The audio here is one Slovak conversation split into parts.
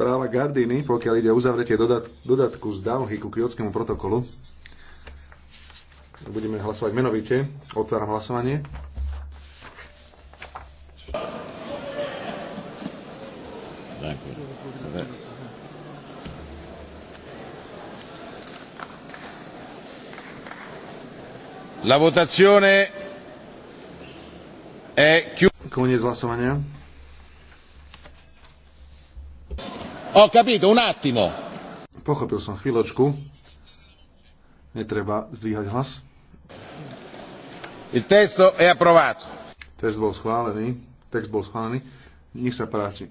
Správa Gardiny, pokiaľ ide o uzavretie dodat- dodatku z Dauhy ku kyotskému protokolu. Budeme hlasovať menovite. Otváram hlasovanie. La votazione è chiusa. Koniec hlasovania. Ho capito, un attimo. Pochopil som chvíľočku. Netreba zdvíhať hlas. Il testo è approvato. Text bol schválený. Text bol schválený. Nech sa páči.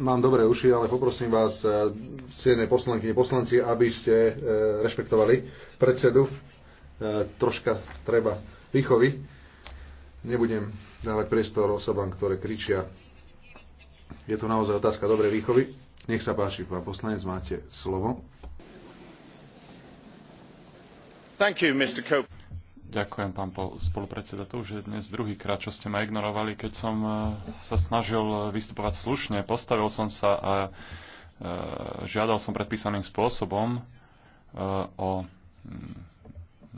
Mám dobré uši, ale poprosím vás, eh, ciené poslanky poslanci, aby ste eh, rešpektovali predsedu. Eh, troška treba výchovy. Nebudem dávať priestor osobám, ktoré kričia. Je to naozaj otázka dobrej výchovy. Nech sa páči, pán poslanec, máte slovo. Thank you, Mr. Cope. Ďakujem, pán spolupredseda. To už je dnes druhýkrát, čo ste ma ignorovali. Keď som e, sa snažil e, vystupovať slušne, postavil som sa a e, žiadal som predpísaným spôsobom o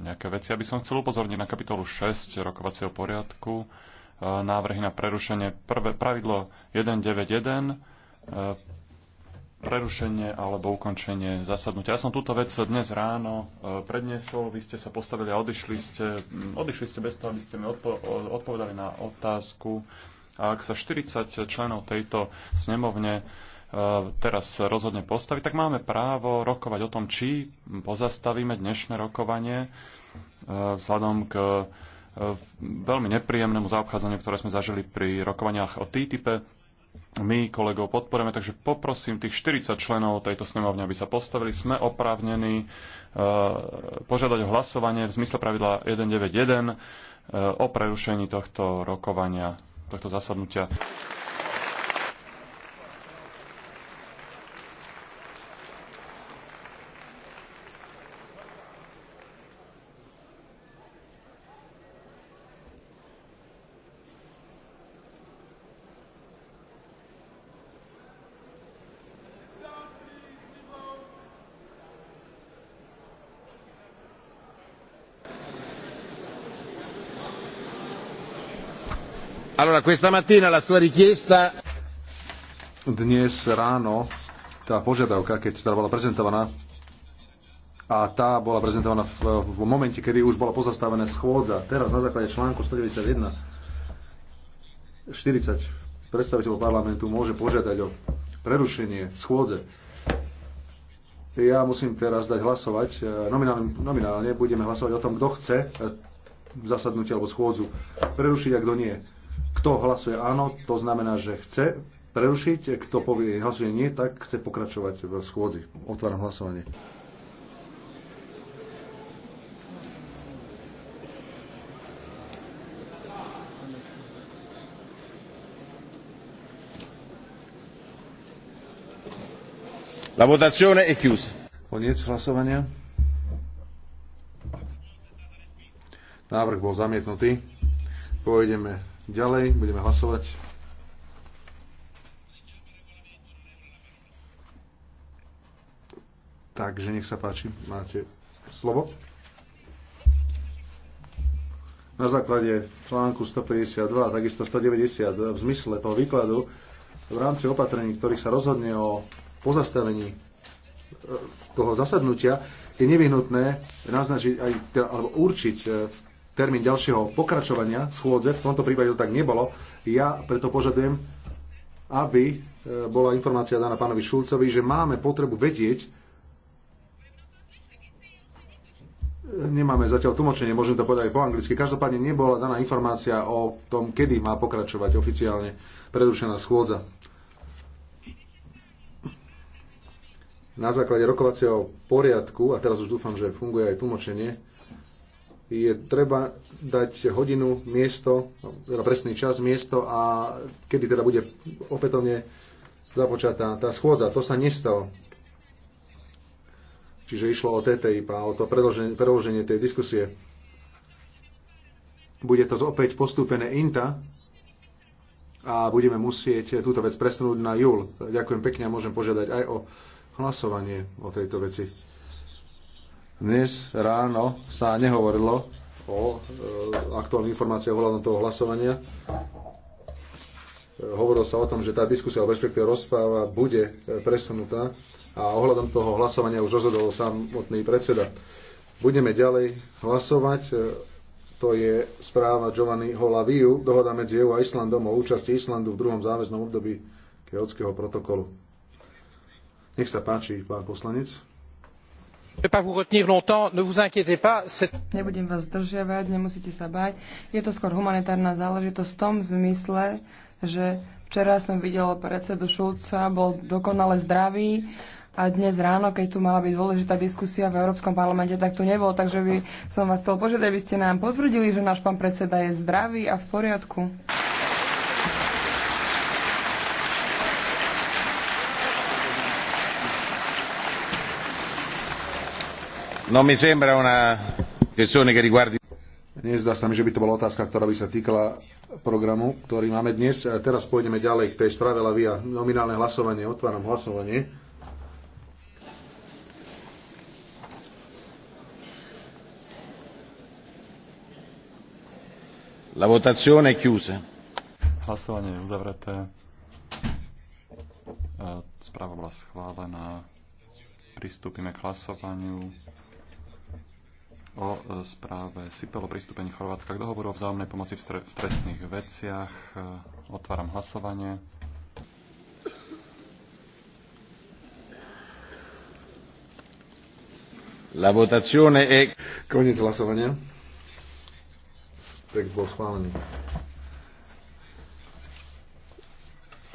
nejaké veci. Aby som chcel upozorniť na kapitolu 6 rokovacieho poriadku, e, návrhy na prerušenie. Prvé, pravidlo 191, e, prerušenie alebo ukončenie zasadnutia. Ja som túto vec dnes ráno e, predniesol, vy ste sa postavili a odišli ste, mm, odišli ste bez toho, aby ste mi odpo- odpovedali na otázku. A ak sa 40 členov tejto snemovne E, teraz rozhodne postaviť, tak máme právo rokovať o tom, či pozastavíme dnešné rokovanie e, vzhľadom k e, veľmi nepríjemnému zaobchádzaniu, ktoré sme zažili pri rokovaniach o TTIP. My kolegov podporujeme, takže poprosím tých 40 členov tejto snemovne, aby sa postavili. Sme oprávnení požiadať o hlasovanie v zmysle pravidla 191 o prerušení tohto rokovania, tohto zasadnutia. Allora, questa mattina la sua richiesta... Dnes ráno tá požiadavka, keď teda bola prezentovaná, a tá bola prezentovaná v, v momente, kedy už bola pozastavená schôdza. Teraz na základe článku 191 40 predstaviteľov parlamentu môže požiadať o prerušenie schôdze. Ja musím teraz dať hlasovať. E, nominálne, nominálne budeme hlasovať o tom, kto chce e, zasadnutie alebo schôdzu prerušiť a kto nie. Kto hlasuje áno, to znamená, že chce prerušiť. Kto povie, hlasuje nie, tak chce pokračovať v schôdzi. Otváram hlasovanie. La votazione è chiusa. Koniec hlasovania. Návrh bol zamietnutý. Pôjdeme Ďalej budeme hlasovať. Takže nech sa páči, máte slovo. Na základe článku 152 a takisto 190 v zmysle toho výkladu v rámci opatrení, ktorých sa rozhodne o pozastavení e, toho zasadnutia, je nevyhnutné naznačiť aj, teda, alebo určiť e, termín ďalšieho pokračovania schôdze, v tomto prípade to tak nebolo. Ja preto požadujem, aby e, bola informácia daná pánovi Šulcovi, že máme potrebu vedieť, e, nemáme zatiaľ tlmočenie, môžem to povedať aj po anglicky. Každopádne nebola daná informácia o tom, kedy má pokračovať oficiálne predrušená schôdza. Na základe rokovacieho poriadku, a teraz už dúfam, že funguje aj tlmočenie, je treba dať hodinu, miesto, teda presný čas, miesto a kedy teda bude opätovne započatá tá schôdza. To sa nestalo. Čiže išlo o TTIP a o to predloženie, tej diskusie. Bude to opäť postúpené INTA a budeme musieť túto vec presunúť na júl. Ďakujem pekne a môžem požiadať aj o hlasovanie o tejto veci. Dnes ráno sa nehovorilo o e, aktuálnych informáciách ohľadom toho hlasovania. E, hovorilo sa o tom, že tá diskusia o perspektíve rozpráva bude e, presunutá a ohľadom toho hlasovania už rozhodol samotný predseda. Budeme ďalej hlasovať. E, to je správa Giovanni Holaviu, dohoda medzi EU a Islandom o účasti Islandu v druhom záväznom období Kyotského protokolu. Nech sa páči, pán poslanec. Nebudem vás zdržiavať, nemusíte sa báť. Je to skôr humanitárna záležitosť v tom zmysle, že včera som videl predsedu Šulca, bol dokonale zdravý a dnes ráno, keď tu mala byť dôležitá diskusia v Európskom parlamente, tak tu nebol. Takže by som vás chcel požiadať, aby ste nám potvrdili, že náš pán predseda je zdravý a v poriadku. Non mi sembra una questione che riguardi... Nezdá sa mi, že by to bola otázka, ktorá by sa týkala programu, ktorý máme dnes. A teraz pôjdeme ďalej k tej správe Lavia. Nominálne hlasovanie. Otváram hlasovanie. La votazione è chiusa. Hlasovanie je uzavreté. E, správa bola schválená. Pristúpime k hlasovaniu o e, správe SIPEL o pristúpení Chorvátska k dohovoru o vzájomnej pomoci v trestných veciach. E, otváram hlasovanie. La votazione è... Koniec hlasovania. Text bol schválený.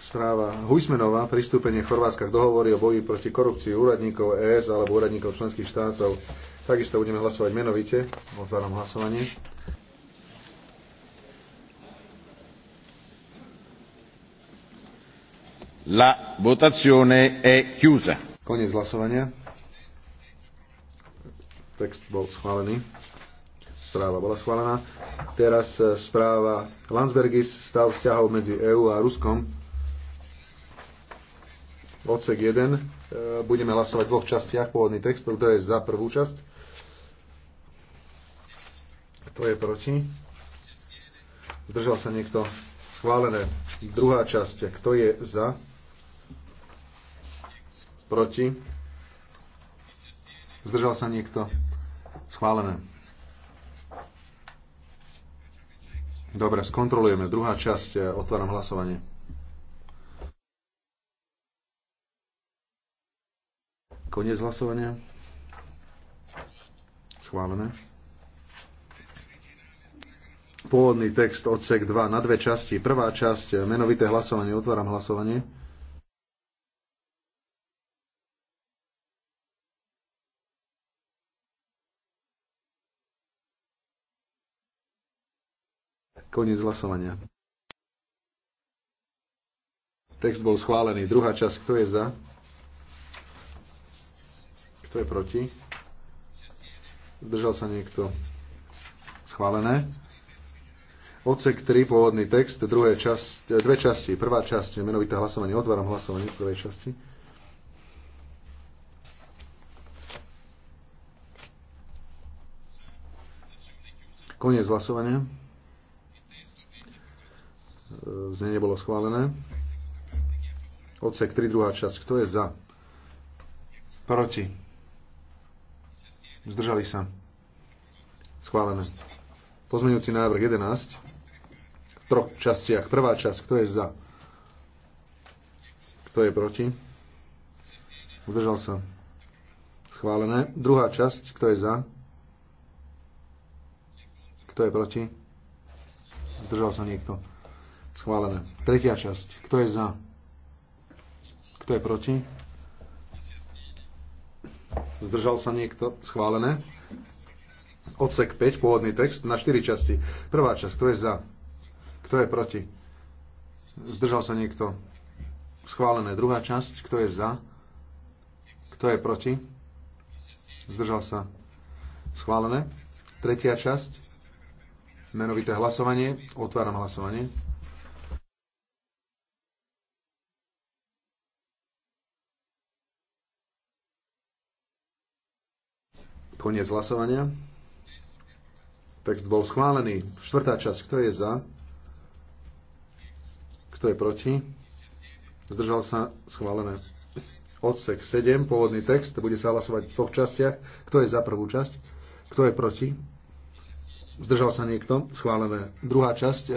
správa Hujsmenová, pristúpenie Chorvátska k dohovoru o boji proti korupcii úradníkov ES alebo úradníkov členských štátov Takisto budeme hlasovať menovite. Otváram hlasovanie. La votazione è chiusa. Koniec hlasovania. Text bol schválený. Správa bola schválená. Teraz e, správa Landsbergis, stav vzťahov medzi EÚ a Ruskom. Odsek 1. E, budeme hlasovať v dvoch častiach. Pôvodný text. to je za prvú časť? Kto je proti? Zdržal sa niekto? Schválené. Druhá časť. Kto je za? Proti? Zdržal sa niekto? Schválené. Dobre, skontrolujeme. Druhá časť. Otváram hlasovanie. Koniec hlasovania. Schválené pôvodný text odsek 2 na dve časti. Prvá časť, eh, menovité hlasovanie, otváram hlasovanie. Koniec hlasovania. Text bol schválený. Druhá časť, kto je za? Kto je proti? Zdržal sa niekto? Schválené. Odsek 3, pôvodný text, druhé časť, e, dve časti. Prvá časť, menovité hlasovanie. Otváram hlasovanie v prvej časti. Koniec hlasovania. E, znenie nebolo schválené. Odsek 3, druhá časť. Kto je za? Proti. Zdržali sa. Schválené. Pozmeňujúci návrh 11 v troch častiach. Prvá časť, kto je za? Kto je proti? Zdržal sa. Schválené. Druhá časť, kto je za? Kto je proti? Zdržal sa niekto. Schválené. Tretia časť, kto je za? Kto je proti? Zdržal sa niekto? Schválené odsek 5, pôvodný text, na 4 časti. Prvá časť, kto je za? Kto je proti? Zdržal sa niekto? Schválené. Druhá časť, kto je za? Kto je proti? Zdržal sa? Schválené. Tretia časť, menovité hlasovanie. Otváram hlasovanie. Koniec hlasovania. Text bol schválený. Štvrtá časť. Kto je za? Kto je proti? Zdržal sa schválené. Odsek 7, pôvodný text, bude sa hlasovať v dvoch častiach. Kto je za prvú časť? Kto je proti? Zdržal sa niekto? Schválené. Druhá časť,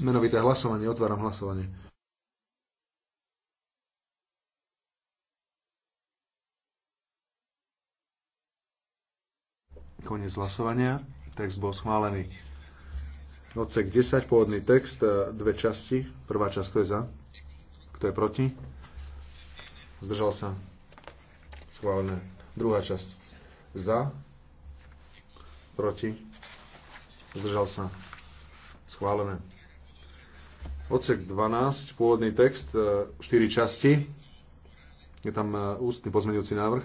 menovité hlasovanie. Otváram hlasovanie. Koniec hlasovania. Text bol schválený. Odsek 10, pôvodný text, e, dve časti. Prvá časť, kto je za? Kto je proti? Zdržal sa. Schválené. Druhá časť. Za. Proti. Zdržal sa. Schválené. Odsek 12, pôvodný text, 4 e, časti. Je tam e, ústny pozmeňujúci návrh.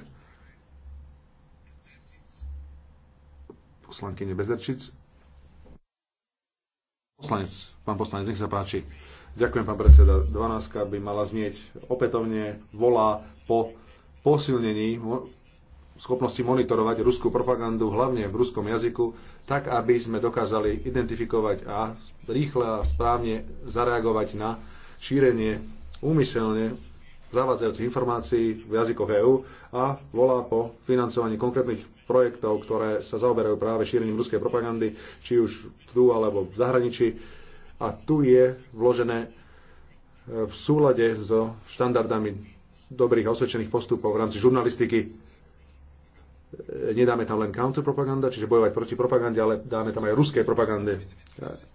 poslankyne Bezerčic. Poslanec, pán poslanec, nech sa páči. Ďakujem, pán predseda. 12 by mala znieť opätovne volá po posilnení schopnosti monitorovať ruskú propagandu, hlavne v ruskom jazyku, tak, aby sme dokázali identifikovať a rýchle a správne zareagovať na šírenie úmyselne zavádzajúcich informácií v jazykoch EÚ a volá po financovaní konkrétnych projektov, ktoré sa zaoberajú práve šírením ruskej propagandy, či už tu alebo v zahraničí. A tu je vložené e, v súlade so štandardami dobrých a osvedčených postupov v rámci žurnalistiky. E, nedáme tam len counterpropaganda, čiže bojovať proti propagande, ale dáme tam aj ruskej propagande.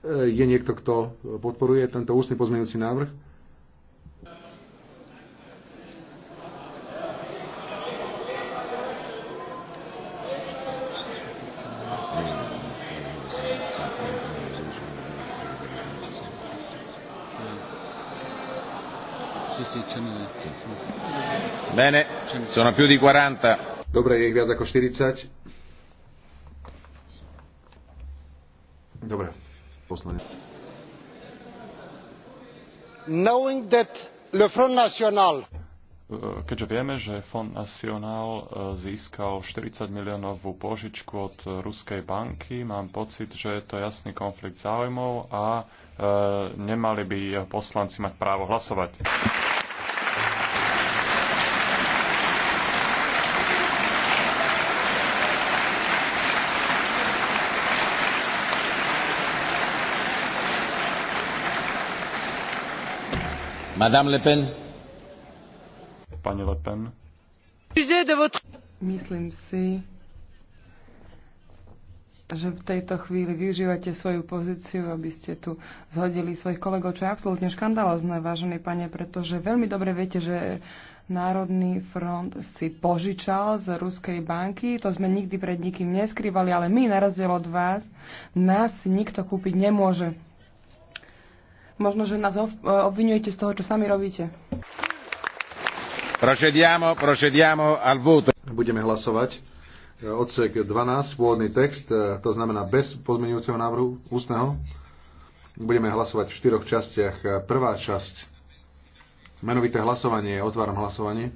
Je niekto, kto podporuje tento ústny pozmeňujúci návrh? Bene, sono più di 40. Dobre, je ich viac ako 40. Dobre, poslanec. Knowing that le Front National e, keďže vieme, že Fond National e, získal 40 miliónovú požičku od ruskej banky, mám pocit, že je to jasný konflikt záujmov a e, nemali by poslanci mať právo hlasovať. Le Pen. Pani Le Pen. Myslím si, že v tejto chvíli využívate svoju pozíciu, aby ste tu zhodili svojich kolegov, čo je absolútne škandalozné, vážený pane, pretože veľmi dobre viete, že Národný front si požičal z Ruskej banky, to sme nikdy pred nikým neskrývali, ale my, na rozdiel od vás, nás nikto kúpiť nemôže. Možno, že nás e, obvinujete z toho, čo sami robíte. Procediamo, procediamo al voto. Budeme hlasovať. E, odsek 12, pôvodný text, e, to znamená bez pozmenujúceho návrhu ústneho. Budeme hlasovať v štyroch častiach. Prvá časť, menovité hlasovanie, otváram hlasovanie.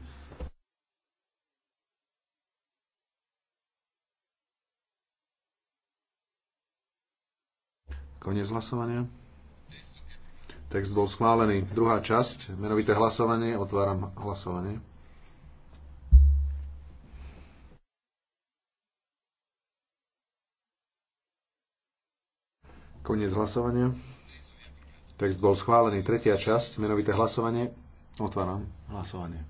Koniec hlasovania. Text bol schválený. Druhá časť, menovité hlasovanie. Otváram hlasovanie. Koniec hlasovania. Text bol schválený. Tretia časť, menovité hlasovanie. Otváram hlasovanie.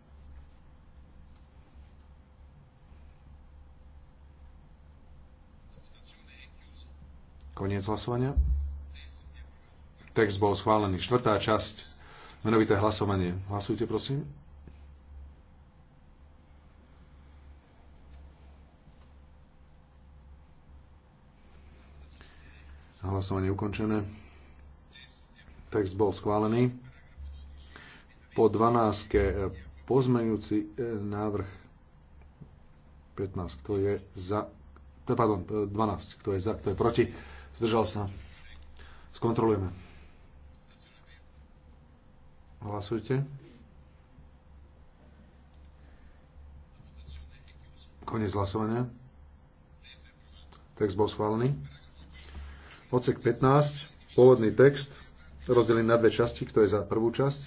Koniec hlasovania. Text bol schválený. Štvrtá časť. Menovité hlasovanie. Hlasujte, prosím. Hlasovanie ukončené. Text bol schválený. Po 12. E, pozmeňujúci e, návrh 15. Kto je za? E, pardon, 12. Kto je za? Kto je proti? Zdržal sa. Skontrolujeme. Hlasujte. Konec hlasovania. Text bol schválený. Odsek 15, pôvodný text, rozdelený na dve časti. Kto je za prvú časť?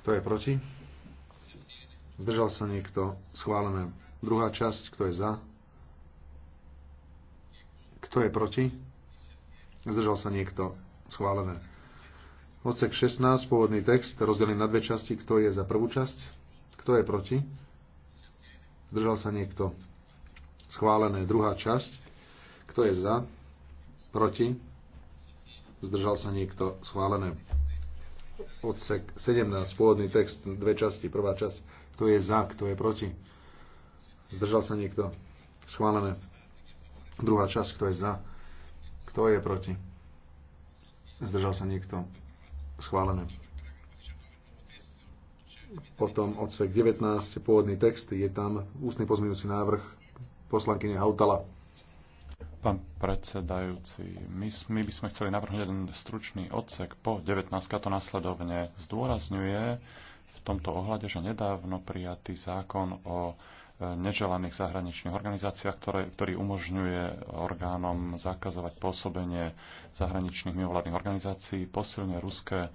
Kto je proti? Zdržal sa niekto? Schválené. Druhá časť, kto je za? Kto je proti? Zdržal sa niekto? Schválené. Odsek 16, pôvodný text, rozdelený na dve časti, kto je za prvú časť, kto je proti. Zdržal sa niekto. Schválené druhá časť, kto je za, proti. Zdržal sa niekto. Schválené. Odsek 17, pôvodný text, dve časti, prvá časť, kto je za, kto je proti. Zdržal sa niekto. Schválené. Druhá časť, kto je za, kto je proti. Zdržal sa niekto. Schválené. Potom odsek 19, pôvodný text, je tam ústny pozmeňujúci návrh poslankyne Hautala. Pán predsedajúci, my, my by sme chceli navrhnúť jeden stručný odsek po 19. to nasledovne zdôrazňuje v tomto ohľade, že nedávno prijatý zákon o neželaných zahraničných organizáciách, ktoré, ktorý umožňuje orgánom zakazovať pôsobenie zahraničných mimovládnych organizácií, posilne ruské,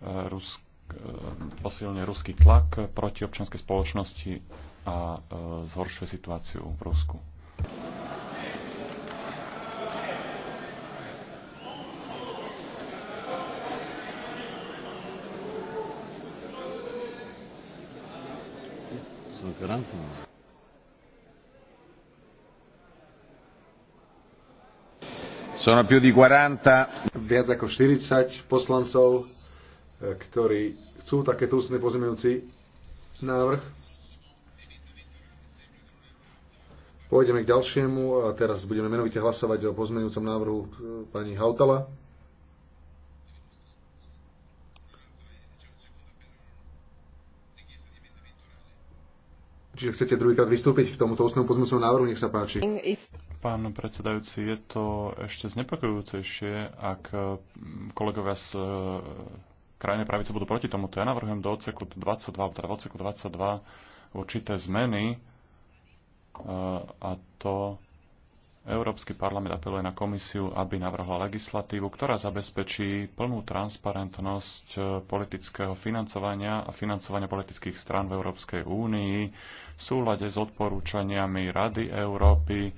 e, rusk, e, posilne ruský tlak proti občianskej spoločnosti a e, zhoršuje situáciu v Rusku. Gracias. Sono più di 40. Viac ako 40 poslancov, eh, ktorí chcú takéto ústne pozmeňujúci návrh. Pôjdeme k ďalšiemu a teraz budeme menovite hlasovať o pozmeňujúcom návrhu eh, pani Hautala. Čiže chcete druhýkrát vystúpiť k tomuto ústnemu pozmeňujúcemu návrhu? Nech sa páči. Pán predsedajúci, je to ešte znepokojujúcejšie, ak eh, kolegovia z eh, krajnej pravice budú proti tomu. ja navrhujem do odseku 22, teda v odseku 22 určité zmeny eh, a to Európsky parlament apeluje na komisiu, aby navrhla legislatívu, ktorá zabezpečí plnú transparentnosť politického financovania a financovania politických strán v Európskej únii v súlade s odporúčaniami Rady Európy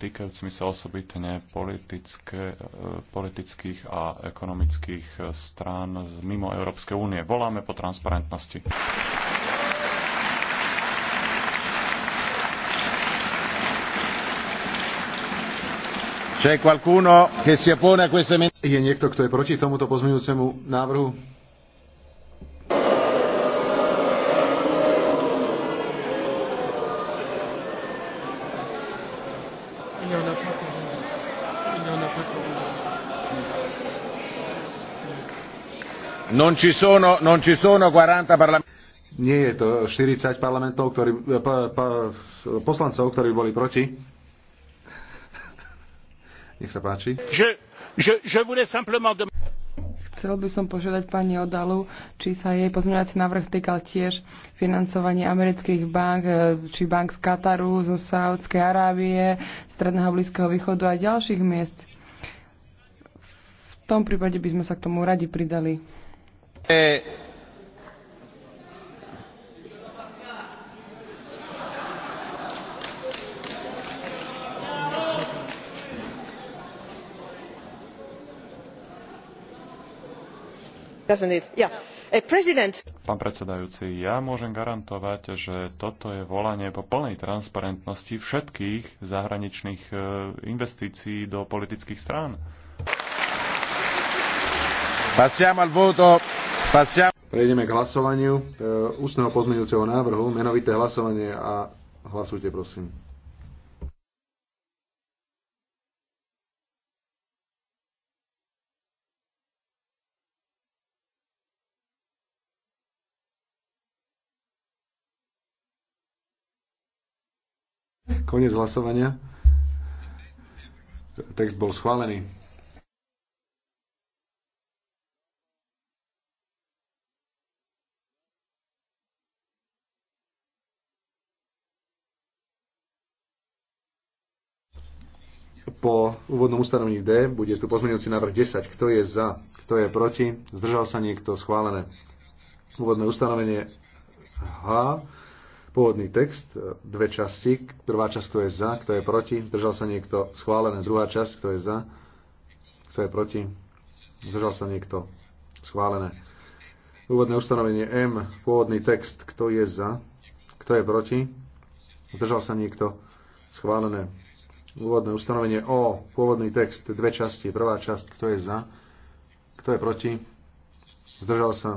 týkajúcimi sa osobitne e, politických a ekonomických e, strán mimo Európskej únie. Voláme po transparentnosti. Je niekto, kto je proti tomuto pozmeňujúcemu návrhu? Il n'y en a pas pour Il n'y en a pas pour Non ci sono, non ci sono 40 parlamenti. Nie je to 40 parlamentov, ktorí, pa, pa, poslancov, ktorí boli proti. Nech sa páči. Je, je, je voulais simplement Chcel by som požiadať pani Odalu, či sa jej pozmeňovací návrh týkal tiež financovania amerických bank, e, či bank z Kataru, zo Saudskej Arábie, Stredného Blízkeho východu a ďalších miest. V tom prípade by sme sa k tomu radi pridali. E, Pán predsedajúci, ja môžem garantovať, že toto je volanie po plnej transparentnosti všetkých zahraničných e, investícií do politických strán. Prejdeme k hlasovaniu e, ústneho pozmeňujúceho návrhu, menovité hlasovanie a hlasujte prosím. Konec hlasovania. Text bol schválený. po úvodnom ustanovení D bude tu pozmeňujúci návrh 10. Kto je za, kto je proti, zdržal sa niekto, schválené. Úvodné ustanovenie H, Pôvodný text, e, dve časti. Prvá časť, kto je za, kto je proti. Zdržal sa niekto. Schválené. Druhá časť, kto je za, kto je proti. Zdržal sa niekto. Schválené. Úvodné ustanovenie M. Pôvodný text, kto je za, kto je proti. Zdržal sa niekto. Schválené. Úvodné ustanovenie O. Pôvodný text, dve časti. Prvá časť, kto je za, kto je proti. Zdržal sa.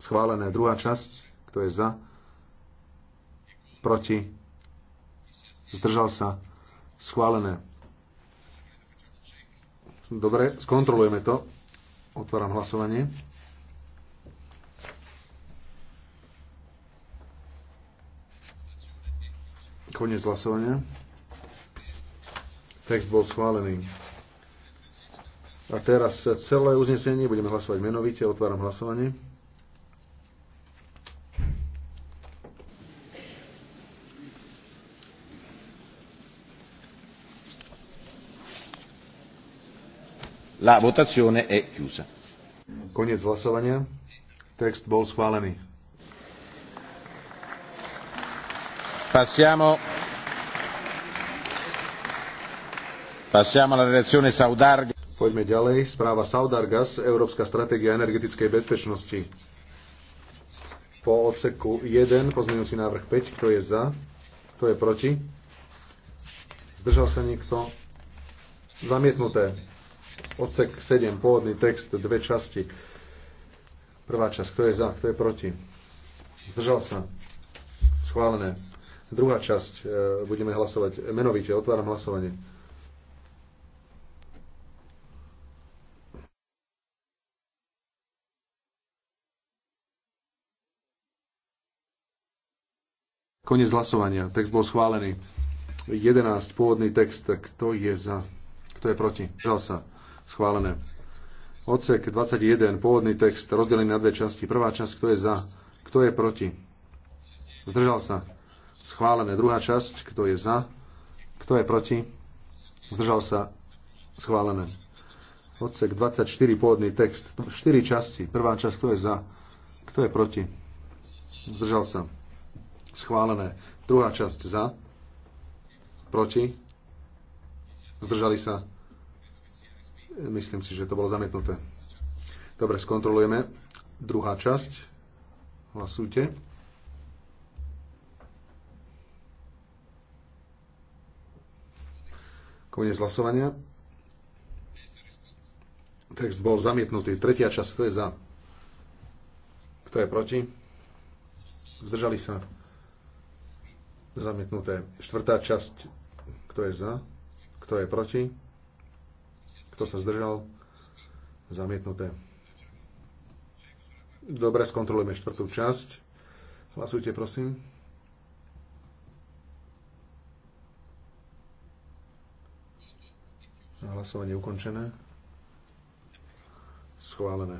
Schválené. Druhá časť, kto je za, proti, zdržal sa, schválené. Dobre, skontrolujeme to. Otváram hlasovanie. Koniec hlasovania. Text bol schválený. A teraz celé uznesenie budeme hlasovať menovite. Otváram hlasovanie. La votazione è chiusa. Koniec hlasovania. Text bol schválený. Passiamo Passiamo alla relazione Saudargas. Poďme ďalej. Správa Saudargas, Európska stratégia energetickej bezpečnosti. Po odseku 1, pozmeňujúci návrh 5, kto je za, kto je proti. Zdržal sa niekto? Zamietnuté. Odsek 7, pôvodný text, dve časti. Prvá časť, kto je za, kto je proti. Zdržal sa. Schválené. Druhá časť, e, budeme hlasovať menovite. Otváram hlasovanie. Konec hlasovania. Text bol schválený. 11. Pôvodný text. Kto je za? Kto je proti? Žal sa. Schválené. Odsek 21, pôvodný text, rozdelený na dve časti. Prvá časť, kto je za, kto je proti. Zdržal sa. Schválené. Druhá časť, kto je za, kto je proti. Zdržal sa. Schválené. Odsek 24, pôvodný text. 4 časti. Prvá časť, kto je za, kto je proti. Zdržal sa. Schválené. Druhá časť za, proti. Zdržali sa Myslím si, že to bolo zamietnuté. Dobre, skontrolujeme. Druhá časť. Hlasujte. Koniec hlasovania. Text bol zamietnutý. Tretia časť, kto je za? Kto je proti? Zdržali sa. Zamietnuté. Štvrtá časť, kto je za? Kto je proti? Kto sa zdržal? Zamietnuté. Dobre, skontrolujeme štvrtú časť. Hlasujte, prosím. Hlasovanie ukončené. Schválené.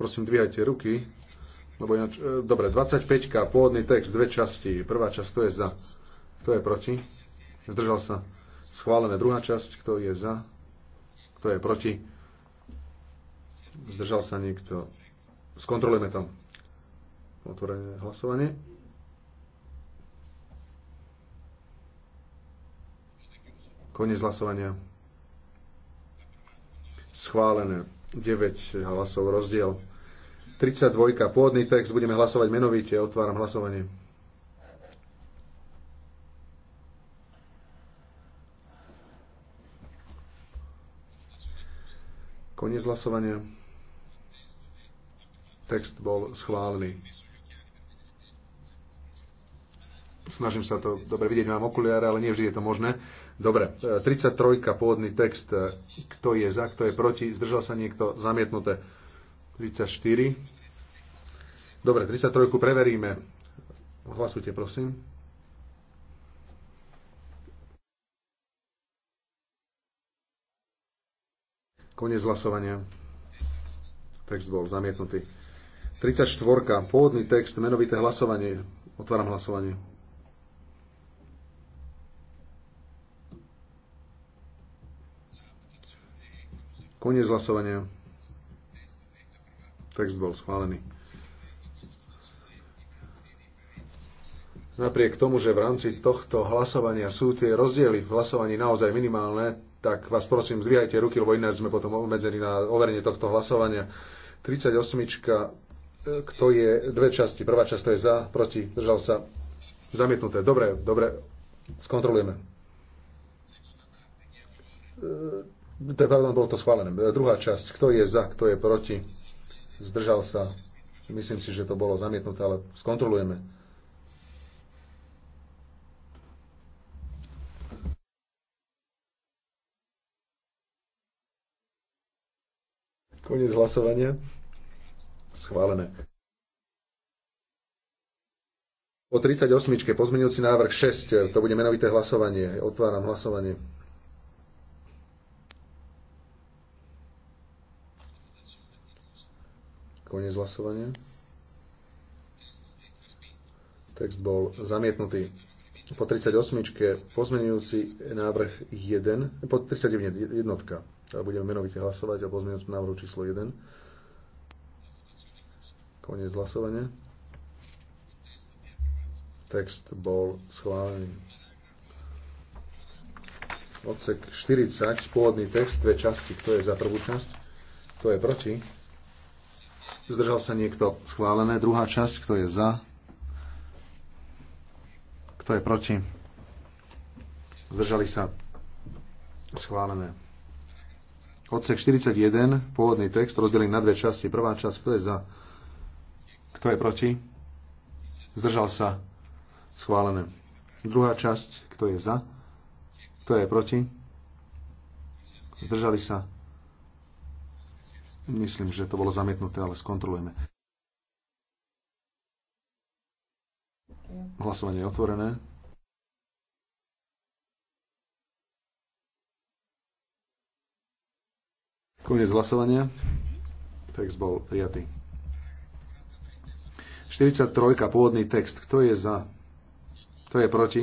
Prosím, dvíhajte ruky. Lebo ináč, e, dobre, 25, pôvodný text, dve časti. Prvá časť, to je za, to je proti. Zdržal sa. Schválené druhá časť, kto je za, kto je proti. Zdržal sa niekto. Skontrolujeme to. Otvorené hlasovanie. Koniec hlasovania. Schválené. 9 hlasov rozdiel. 32. Pôvodný text budeme hlasovať menovite. Otváram hlasovanie. Koniec hlasovania. Text bol schválený. Snažím sa to dobre vidieť, mám okuliare, ale nie vždy je to možné. Dobre, 33. E, pôvodný text. E, kto je za, kto je proti? Zdržal sa niekto? Zamietnuté. 34. Dobre, 33. preveríme. Hlasujte, prosím. Konec hlasovania. Text bol zamietnutý. 34. Pôvodný text, menovité hlasovanie. Otváram hlasovanie. Koniec hlasovania. Text bol schválený. Napriek tomu, že v rámci tohto hlasovania sú tie rozdiely v hlasovaní naozaj minimálne, tak vás prosím, zdvíhajte ruky, lebo ináč sme potom obmedzení na overenie tohto hlasovania. 38. E, kto je dve časti? Prvá časť to je za, proti, držal sa. Zamietnuté. Dobre, dobre, skontrolujeme. E, je pardon, bolo to schválené. E, druhá časť. Kto je za, kto je proti? Zdržal sa. Myslím si, že to bolo zamietnuté, ale skontrolujeme. Koniec hlasovania. Schválené. Po 38. pozmeňujúci návrh 6. To bude menovité hlasovanie. Otváram hlasovanie. Koniec hlasovania. Text bol zamietnutý. Po 38. pozmenujúci návrh 1, po 39. jednotka budeme menovite hlasovať o pozmeňujúcom návrhu číslo 1. Koniec hlasovania. Text bol schválený. Odsek 40, pôvodný text, dve časti. Kto je za prvú časť? Kto je proti? Zdržal sa niekto? Schválené. Druhá časť, kto je za? Kto je proti? Zdržali sa? Schválené. Odsek 41, pôvodný text, rozdelený na dve časti. Prvá časť, kto je za, kto je proti, zdržal sa, schválené. Druhá časť, kto je za, kto je proti, zdržali sa. Myslím, že to bolo zamietnuté, ale skontrolujeme. Hlasovanie je otvorené. Koniec hlasovania. Text bol prijatý. 43. Pôvodný text. Kto je za? Kto je proti?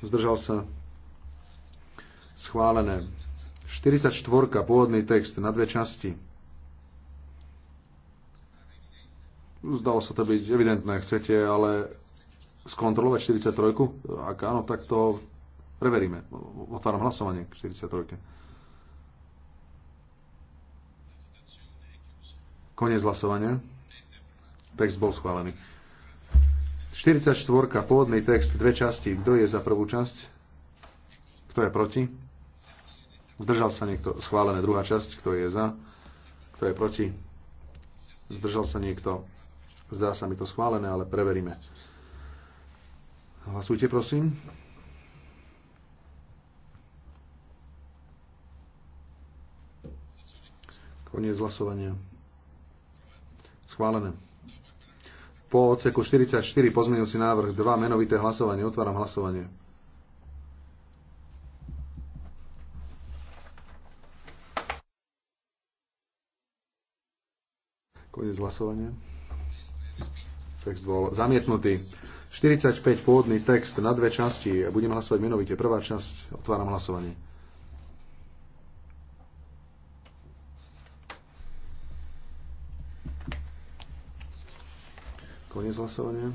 Zdržal sa? Schválené. 44. Pôvodný text na dve časti. Zdalo sa to byť evidentné. Chcete ale skontrolovať 43? Ak áno, tak to preveríme. Otváram hlasovanie k 43. Konec hlasovania. Text bol schválený. 44. Pôvodný text, dve časti. Kto je za prvú časť? Kto je proti? Zdržal sa niekto? Schválené druhá časť. Kto je za? Kto je proti? Zdržal sa niekto? Zdá sa mi to schválené, ale preveríme. Hlasujte, prosím. Koniec hlasovania. Schválené. Po odseku 44 pozmeňujúci návrh 2 menovité hlasovanie. Otváram hlasovanie. Koniec hlasovania. Text bol zamietnutý. 45 pôvodný text na dve časti. Budem hlasovať menovite. Prvá časť. Otváram hlasovanie. Koniec hlasovania.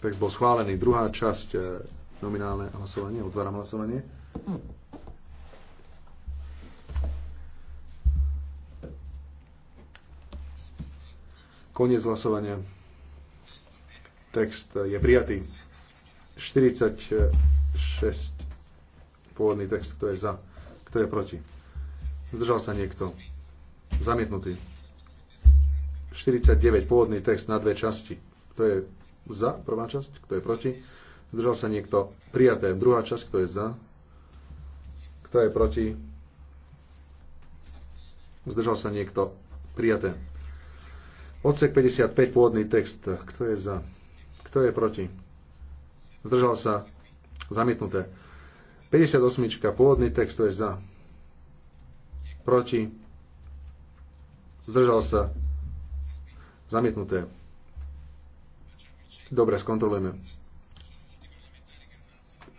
Text bol schválený. Druhá časť e, nominálne hlasovanie. Otváram hlasovanie. Koniec hlasovania. Text je prijatý. 46 pôvodný text, kto je za, kto je proti. Zdržal sa niekto. Zamietnutý. 49, pôvodný text na dve časti. Kto je za prvá časť, kto je proti? Zdržal sa niekto prijaté. Druhá časť, kto je za? Kto je proti? Zdržal sa niekto prijaté. Odsek 55, pôvodný text. Kto je za? Kto je proti? Zdržal sa zamietnuté. 58, pôvodný text, kto je za? Proti? Zdržal sa Zamietnuté. Dobre, skontrolujeme.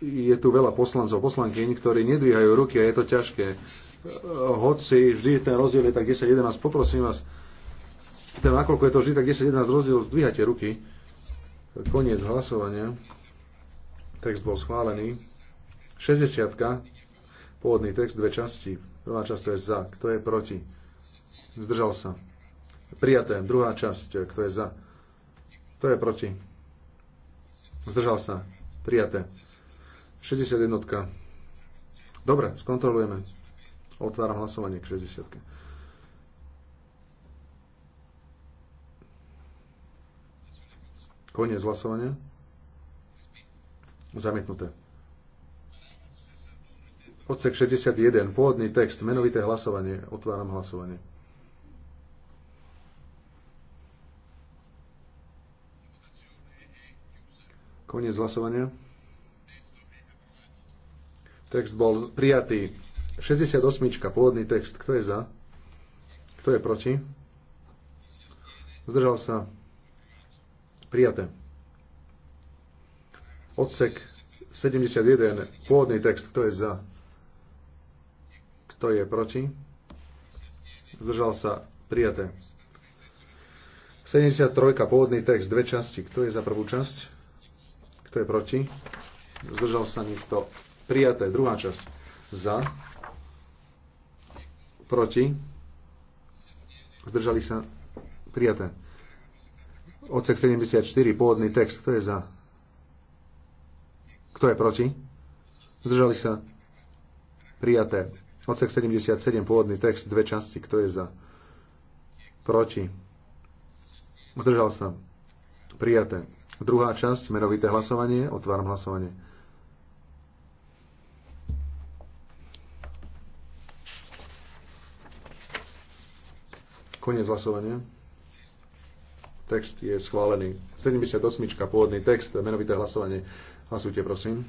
Je tu veľa poslancov, poslankyň, ktorí nedvíhajú ruky a je to ťažké. E, hoci vždy ten rozdiel je tak 10-11, poprosím vás, ten, nakoľko je to vždy tak 10-11 rozdiel, zdvíhate ruky. Koniec hlasovania. Text bol schválený. 60. Pôvodný text, dve časti. Prvá časť to je za, kto je proti. Zdržal sa. Prijaté. Druhá časť. E, kto je za? Kto je proti? Zdržal sa. Prijaté. 61. Dobre, skontrolujeme. Otváram hlasovanie k 60. Koniec hlasovania. Zamietnuté. Odsek 61. Pôvodný text. Menovité hlasovanie. Otváram hlasovanie. Koniec hlasovania. Text bol prijatý. 68. pôvodný text. Kto je za? Kto je proti? Zdržal sa. Prijaté. Odsek 71. Pôvodný text. Kto je za? Kto je proti? Zdržal sa. Prijaté. 73. Pôvodný text. Dve časti. Kto je za prvú časť? Kto je proti? Zdržal sa nikto? Prijaté. Druhá časť. Za. Proti. Zdržali sa. Prijaté. Odsek 74. Pôvodný text. Kto je za? Kto je proti? Zdržali sa. Prijaté. Odsek 77. Pôvodný text. Dve časti. Kto je za? Proti. Zdržal sa. Prijaté. Druhá časť, menovité hlasovanie. Otváram hlasovanie. Koniec hlasovania. Text je schválený. 78. pôvodný text, menovité hlasovanie. Hlasujte, prosím.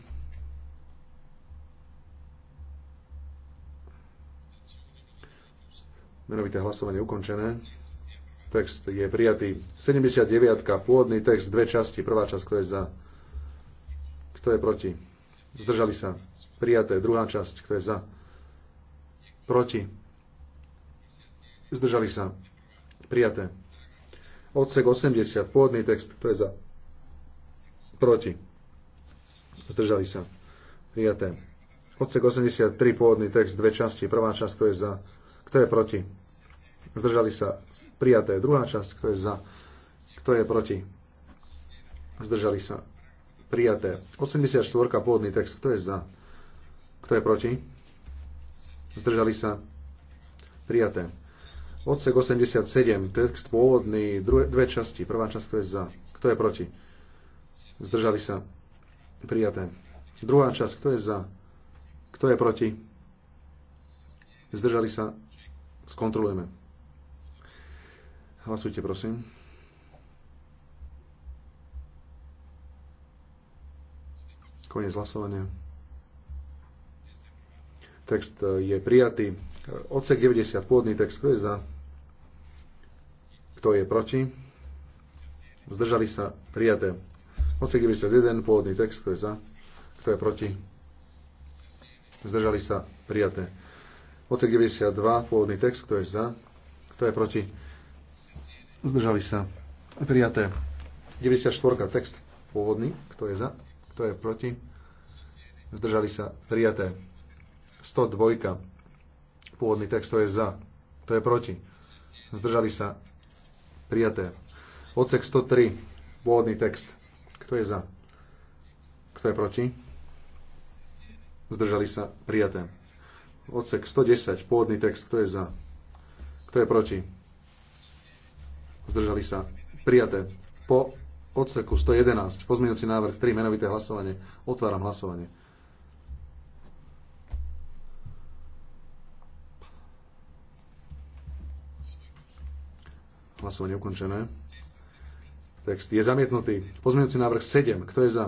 Menovité hlasovanie ukončené. Text je prijatý. 79. Pôvodný text, dve časti. Prvá časť, kto je za? Kto je proti? Zdržali sa. Prijaté. Druhá časť, kto je za? Proti. Zdržali sa. Prijaté. Odsek 80. Pôvodný text, kto je za? Proti. Zdržali sa. Prijaté. Odsek 83, pôvodný text, dve časti. Prvá časť, kto je za, kto je proti zdržali sa prijaté. Druhá časť, kto je za, kto je proti, zdržali sa prijaté. 84. pôvodný text, kto je za, kto je proti, zdržali sa prijaté. Odsek 87, text pôvodný, druhé, dve časti. Prvá časť, kto je za, kto je proti, zdržali sa prijaté. Druhá časť, kto je za, kto je proti, zdržali sa, skontrolujeme. Hlasujte, prosím. Koniec hlasovania. Text e, je prijatý. Odsek 90, pôvodný text, kto je za? Kto je proti? Zdržali sa prijaté. Odsek 91, pôvodný text, kto je za? Kto je proti? Zdržali sa prijaté. Odsek 92, pôvodný text, kto je za? Kto je proti? Zdržali sa. Prijaté. 94. Text pôvodný. Kto je za? Kto je proti? Zdržali sa. Prijaté. 102. Pôvodný text. Kto je za? Kto je proti? Zdržali sa. Prijaté. Odsek 103. Pôvodný text. Kto je za? Kto je proti? Zdržali sa. Prijaté. Odsek 110. Pôvodný text. Kto je za? Kto je proti? zdržali sa prijaté. Po odseku 111, pozmeňujúci návrh 3, menovité hlasovanie. Otváram hlasovanie. Hlasovanie ukončené. Text je zamietnutý. Pozmeňujúci návrh 7. Kto je za?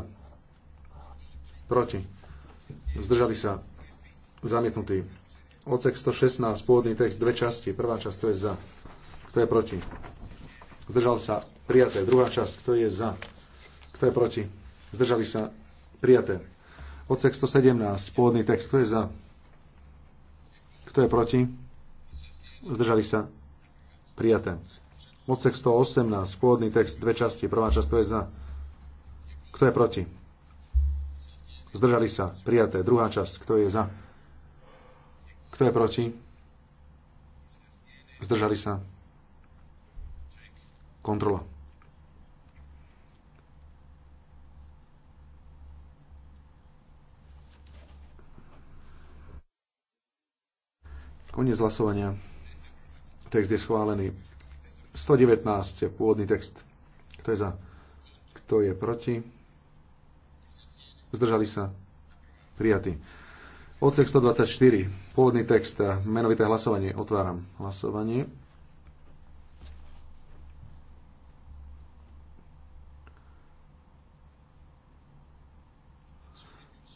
Proti. Zdržali sa. Zamietnutý. Odsek 116, pôvodný text, dve časti. Prvá časť, kto je za? Kto je proti? zdržal sa, prijaté. Druhá časť, kto je za, kto je proti, zdržali sa, prijaté. Odsek 117, pôvodný text, kto je za, kto je proti, zdržali sa, prijaté. Odsek 118, pôvodný text, dve časti, prvá časť, kto je za, kto je proti, zdržali sa, prijaté. Druhá časť, kto je za, kto je proti, zdržali sa, kontrola. Koniec hlasovania. Text je schválený. 119 je pôvodný text. Kto je za? Kto je proti? Zdržali sa? Prijatý. Odsek 124. Pôvodný text. Menovité hlasovanie. Otváram hlasovanie.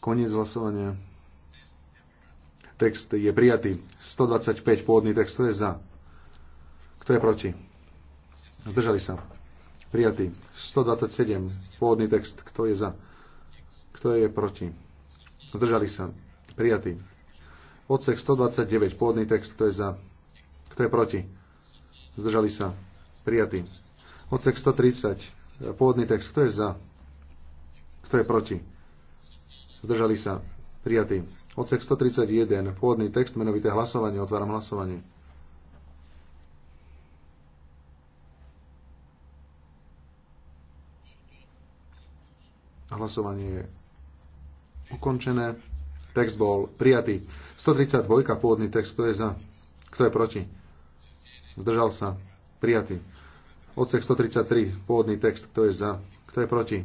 Koniec hlasovania. Text je prijatý. 125 pôvodný text, kto je za? Kto je proti? Zdržali sa. Prijatý. 127 pôvodný text, kto je za? Kto je proti? Zdržali sa. Prijatý. Odsek 129 pôvodný text, kto je za? Kto je proti? Zdržali sa. Prijatý. Odsek 130. Pôvodný text. Kto je za? Kto je proti? zdržali sa, prijatý. Odsek 131, pôvodný text, menovité hlasovanie, otváram hlasovanie. Hlasovanie je ukončené. Text bol prijatý. 132, pôvodný text, kto je za, kto je proti? Zdržal sa, prijatý. Odsek 133, pôvodný text, kto je za, kto je proti?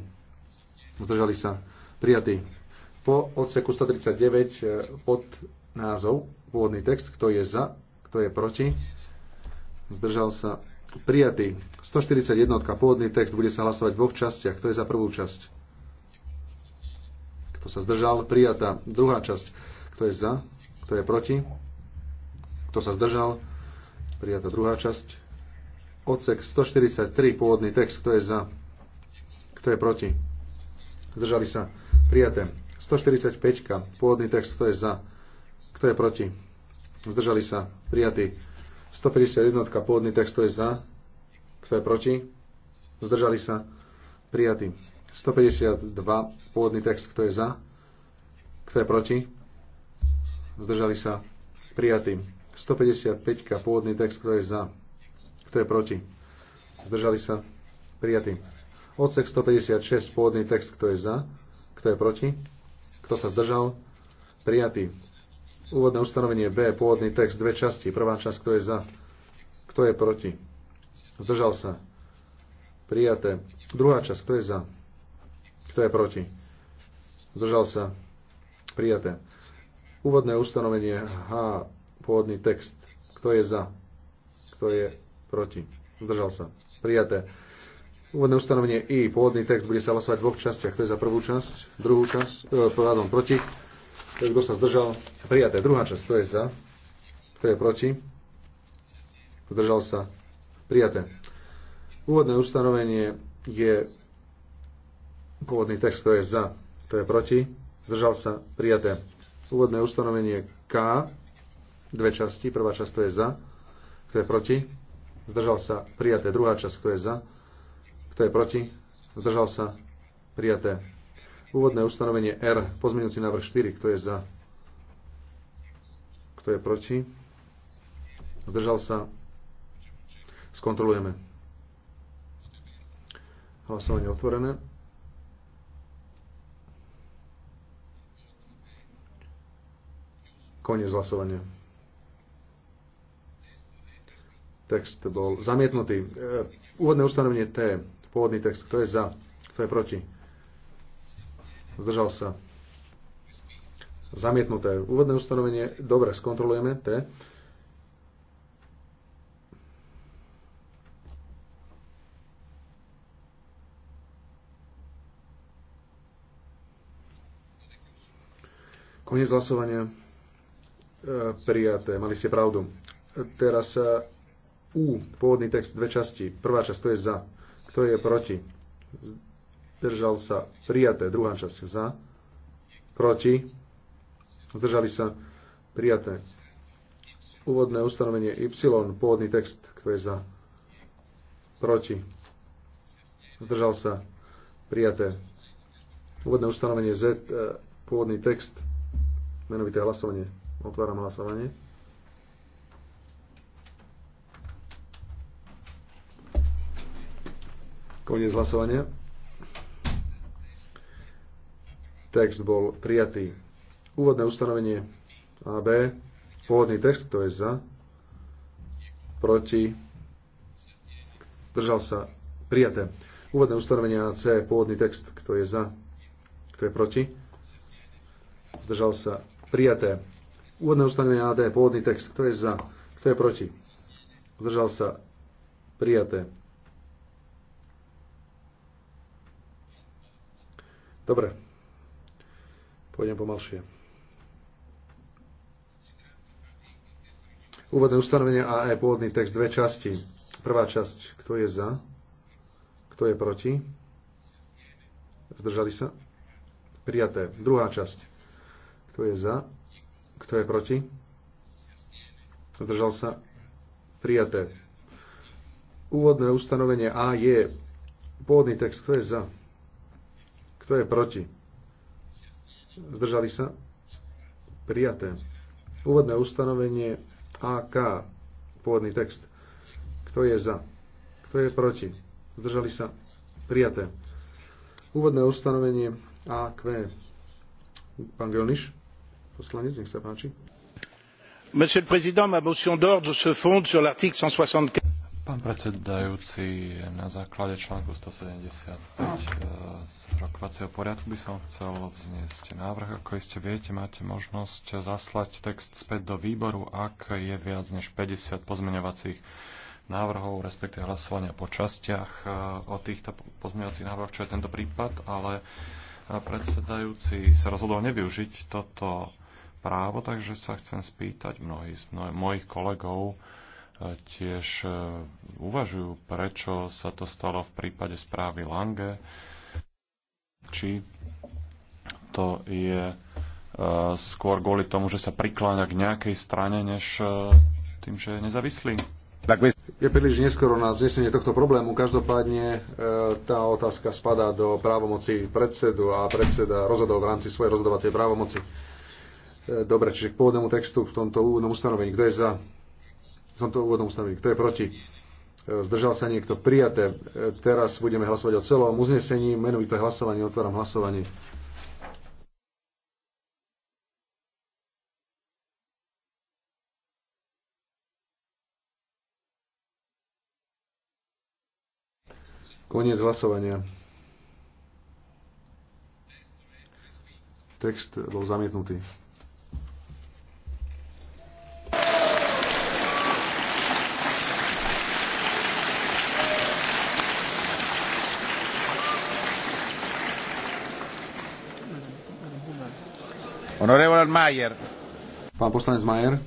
Zdržali sa, prijatý po odseku 139 e, pod názov, pôvodný text, kto je za, kto je proti, zdržal sa prijatý. 141, pôvodný text, bude sa hlasovať v dvoch častiach. Kto je za prvú časť? Kto sa zdržal? Prijatá. Druhá časť. Kto je za? Kto je proti? Kto sa zdržal? Prijatá druhá časť. Odsek 143, pôvodný text, kto je za? Kto je proti? Zdržali sa. Prijaté. 145. Pôvodný text, kto je za, kto je proti. Zdržali sa. Prijatý. 151. Pôvodný text, kto je za, kto je proti. Zdržali sa. Prijatý. 152. Pôvodný text, kto je za, kto je proti. Zdržali sa. Prijatý. 155. Pôvodný text, kto je za, kto je proti. Zdržali sa. Prijatý. Odsek 156, pôvodný text, kto je za, kto je proti. Kto sa zdržal? Prijatý. Úvodné ustanovenie B, pôvodný text, dve časti. Prvá časť, kto je za, kto je proti. Zdržal sa. Prijaté. Druhá časť, kto je za, kto je proti. Zdržal sa. Prijaté. Úvodné ustanovenie H, pôvodný text, kto je za, kto je proti. Zdržal sa. Prijaté. Úvodné ustanovenie I, pôvodný text, bude sa hlasovať v dvoch častiach. To je za prvú časť, druhú časť, e, pardon, proti. Kto sa zdržal? Prijaté. Druhá časť, to je za. Kto je proti? Zdržal sa? Prijaté. Úvodné ustanovenie je pôvodný text, to je za. To je proti? Zdržal sa? Prijaté. Úvodné ustanovenie K, dve časti. Prvá časť, to je za. Kto je proti? Zdržal sa? Prijaté. Druhá časť, to je za? Kto je proti? Zdržal sa? Prijaté. Úvodné ustanovenie R, pozmeňujúci návrh 4. Kto je za? Kto je proti? Zdržal sa? Skontrolujeme. Hlasovanie otvorené. Koniec hlasovania. Text bol zamietnutý. E, úvodné ustanovenie T. Pôvodný text. Kto je za? Kto je proti? Zdržal sa. Zamietnuté. Úvodné ustanovenie. Dobre, skontrolujeme. T. Koniec hlasovania. E, prijaté. Mali ste pravdu. E, teraz e, U, pôvodný text, dve časti. Prvá časť, to je za. Kto je proti? Zdržal sa. Prijaté. Druhá časť za. Proti. Zdržali sa. Prijaté. Úvodné ustanovenie Y. Pôvodný text. Kto je za? Proti. Zdržal sa. Prijaté. Úvodné ustanovenie Z. E, Pôvodný text. Menovité hlasovanie. Otváram hlasovanie. Koniec hlasovania. Text bol prijatý. Úvodné ustanovenie AB. Pôvodný text, kto je za, proti, držal sa, prijaté. Úvodné ustanovenie AC. pôvodný text, kto je za, kto je proti, zdržal sa, prijaté. Úvodné ustanovenie AD, pôvodný text, kto je za, kto je proti, zdržal sa, prijaté. Dobre. Pôjdem pomalšie. Úvodné ustanovenie a aj e, pôvodný text, dve časti. Prvá časť, kto je za, kto je proti, zdržali sa, prijaté. Druhá časť, kto je za, kto je proti, zdržal sa, prijaté. Úvodné ustanovenie A je pôvodný text, kto je za, kto je proti? Zdržali sa? Prijaté. Úvodné ustanovenie AK, pôvodný text. Kto je za? Kto je proti? Zdržali sa? Prijaté. Úvodné ustanovenie AQ. Pán Gelniš, poslanec, nech sa páči. Monsieur le Président, ma motion d'ordre se fonde sur l'article 175 Pán predsedajúci, na základe článku 175 e, rokovacieho poriadku by som chcel vzniesť návrh. Ako iste viete, máte možnosť zaslať text späť do výboru, ak je viac než 50 pozmeňovacích návrhov, respektíve hlasovania po častiach e, o týchto pozmeňovacích návrhoch, čo je tento prípad, ale e, predsedajúci sa rozhodol nevyužiť toto právo, takže sa chcem spýtať mnohých z mojich kolegov, tiež e, uvažujú, prečo sa to stalo v prípade správy Lange, či to je e, skôr kvôli tomu, že sa prikláňa k nejakej strane, než e, tým, že je nezávislý. Je príliš neskoro na vznesenie tohto problému. Každopádne tá otázka spadá do právomoci predsedu a predseda rozhodol v rámci svojej rozhodovacej právomoci. Dobre, čiže k pôvodnému textu v tomto úvodnom ustanovení. Kto je za? v tomto úvodnom ustanovení. Kto je proti? E, zdržal sa niekto? Prijaté. E, teraz budeme hlasovať o celom uznesení. Menovité hlasovanie. Otváram hlasovanie. Koniec hlasovania. Text bol zamietnutý. Honorable Mayer. Pán poslanec Mayer.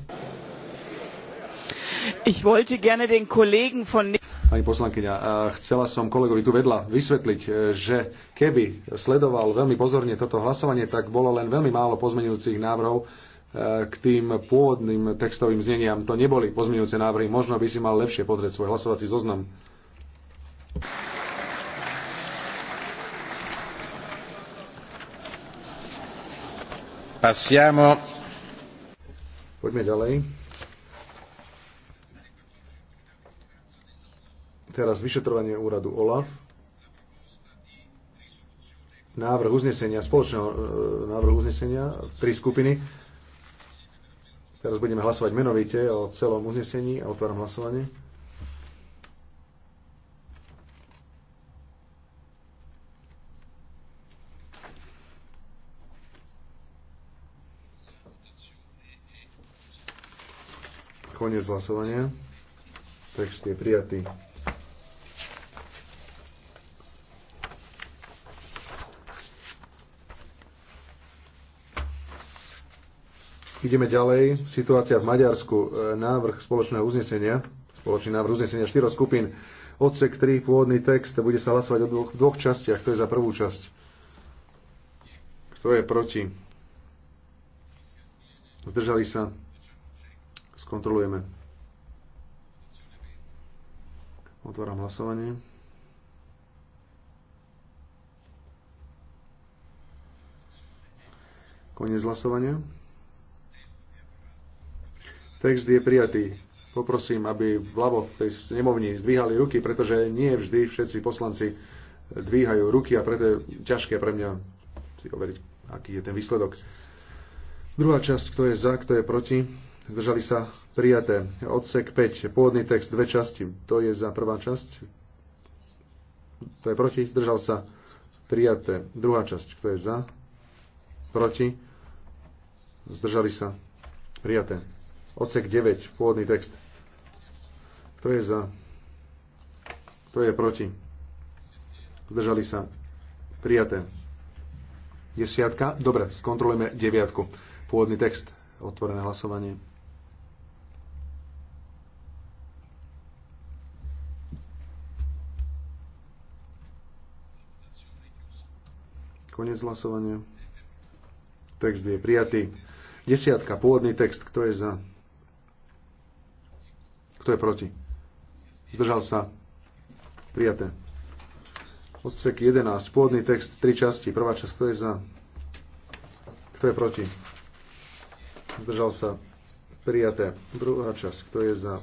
Ich wollte gerne den Kollegen von Pani poslankyňa, eh, chcela som kolegovi tu vedľa vysvetliť, eh, že keby sledoval veľmi pozorne toto hlasovanie, tak bolo len veľmi málo pozmenujúcich návrhov eh, k tým pôvodným textovým zneniam. To neboli pozmenujúce návrhy, možno by si mal lepšie pozrieť svoj hlasovací zoznam. Passiamo. Poďme ďalej. Teraz vyšetrovanie úradu OLAF. Návrh uznesenia, spoločného e, návrhu uznesenia, tri skupiny. Teraz budeme hlasovať menovite o celom uznesení a otváram hlasovanie. Koniec hlasovania. Text je prijatý. Ideme ďalej. Situácia v Maďarsku. E, návrh spoločného uznesenia. Spoločný návrh uznesenia štyroch skupín. Odsek 3, pôvodný text. Bude sa hlasovať o dvoch, dvoch častiach. To je za prvú časť? Kto je proti? Zdržali sa? Skontrolujeme. Otváram hlasovanie. Koniec hlasovania. Text je prijatý. Poprosím, aby vľavo v tej snemovni zdvíhali ruky, pretože nie vždy všetci poslanci dvíhajú ruky a preto je ťažké pre mňa si overiť, aký je ten výsledok. Druhá časť, kto je za, kto je proti zdržali sa prijaté. Odsek 5, pôvodný text, dve časti. To je za prvá časť. To je proti, zdržal sa prijaté. Druhá časť, kto je za, proti, zdržali sa prijaté. Odsek 9, pôvodný text. Kto je za, kto je proti, zdržali sa prijaté. Desiatka, dobre, skontrolujeme deviatku. Pôvodný text, otvorené hlasovanie. Konec hlasovania. Text je prijatý. Desiatka, pôvodný text. Kto je za? Kto je proti? Zdržal sa. Prijaté. Odsek 11. Pôvodný text. Tri časti. Prvá časť. Kto je za? Kto je proti? Zdržal sa. Prijaté. Druhá časť. Kto je za?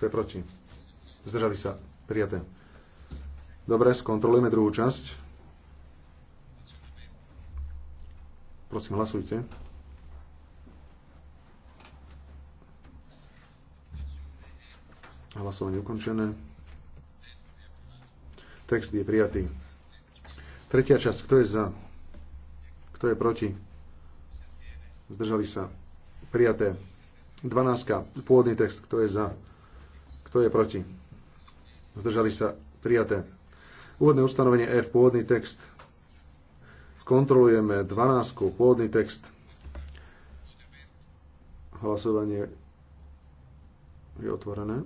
Kto je proti? Zdržali sa. Prijaté. Dobre, skontrolujeme druhú časť. Prosím, hlasujte. Hlasovanie ukončené. Text je prijatý. Tretia časť. Kto je za? Kto je proti? Zdržali sa. Prijaté. 12. Pôvodný text. Kto je za? Kto je proti? Zdržali sa. Prijaté. Úvodné ustanovenie F. Pôvodný text. Skontrolujeme 12. pôvodný text. Hlasovanie je otvorené.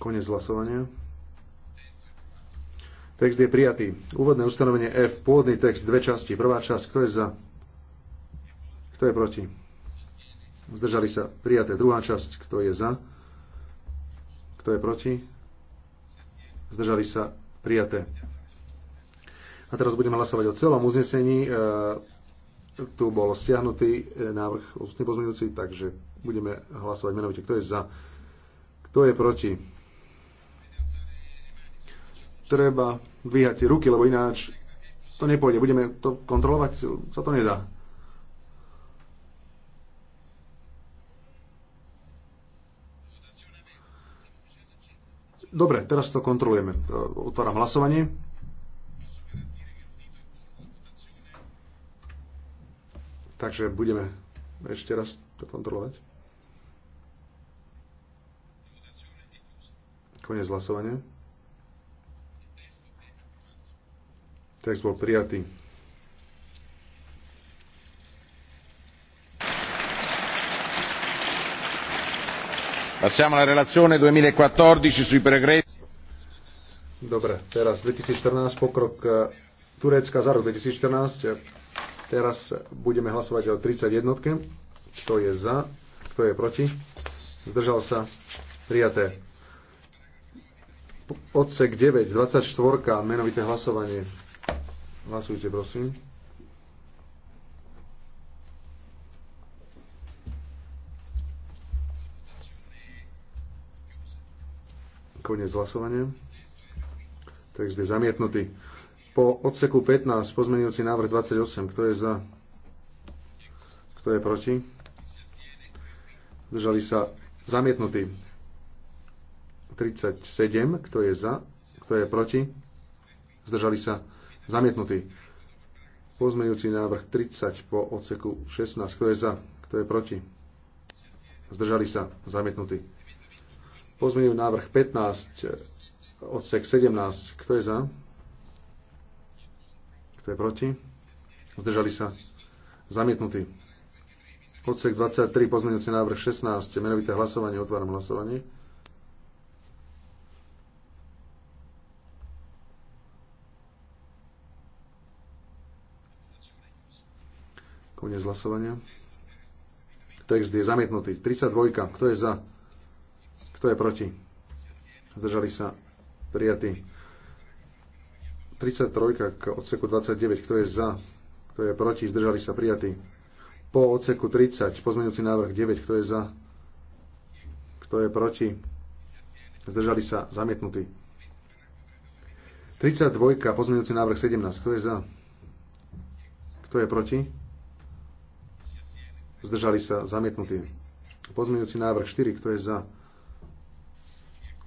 Konec hlasovania. Text je prijatý. Úvodné ustanovenie F. Pôvodný text, dve časti. Prvá časť, kto je za? Kto je proti? Zdržali sa prijaté. Druhá časť, kto je za? Kto je proti? zdržali sa prijaté. A teraz budeme hlasovať o celom uznesení. E, tu bol stiahnutý e, návrh ústny pozmeňujúci, takže budeme hlasovať menovite. Kto je za? Kto je proti? Treba dvíhať ruky, lebo ináč to nepôjde. Budeme to kontrolovať? Sa to nedá. Dobre, teraz to kontrolujeme. E, otváram hlasovanie. Takže budeme ešte raz to kontrolovať. Konec hlasovania. Text bol prijatý. Passiamo alla relazione 2014 e sui pregressi. Dobre, teraz 2014 pokrok eh, Turecka za rok 2014. Teraz budeme hlasovať o 31. Kto je za, kto je proti. Zdržal sa prijaté. Odsek 9, 24, menovité hlasovanie. Hlasujte, prosím. Konec hlasovania. Text je zamietnutý. Po odseku 15 pozmenujúci návrh 28. Kto je za? Kto je proti? Zdržali sa zamietnutí. 37. Kto je za? Kto je proti? Zdržali sa zamietnutí. Pozmenujúci návrh 30 po odseku 16. Kto je za? Kto je proti? Zdržali sa zamietnutí. Pozmením návrh 15, odsek 17. Kto je za? Kto je proti? Zdržali sa. Zamietnutý. Odsek 23, pozmeňujúci návrh 16, menovité hlasovanie, otváram hlasovanie. Koniec hlasovania. Text je zamietnutý. 32. Kto je za? Kto je proti? Zdržali sa prijatí. 33 k odseku 29. Kto je za? Kto je proti? Zdržali sa prijatí. Po odseku 30 pozmeňujúci návrh 9. Kto je za? Kto je proti? Zdržali sa zamietnutí. 32 pozmeňujúci návrh 17. Kto je za? Kto je proti? Zdržali sa zamietnutí. Pozmeňujúci návrh 4. Kto je za?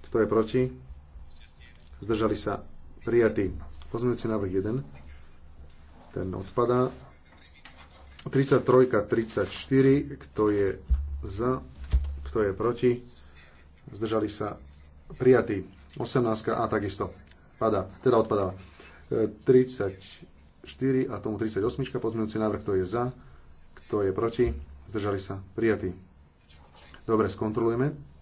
Kto je proti? Zdržali sa prijatí. Pozmeňujúci návrh 1. Ten odpadá. 33, 34. Kto je za? Kto je proti? Zdržali sa prijatí. 18 a takisto. Pada. Teda odpadá. 34 e, a tomu 38. Pozmeňujúci návrh. Kto je za? Kto je proti? Zdržali sa prijatí. Dobre, skontrolujeme.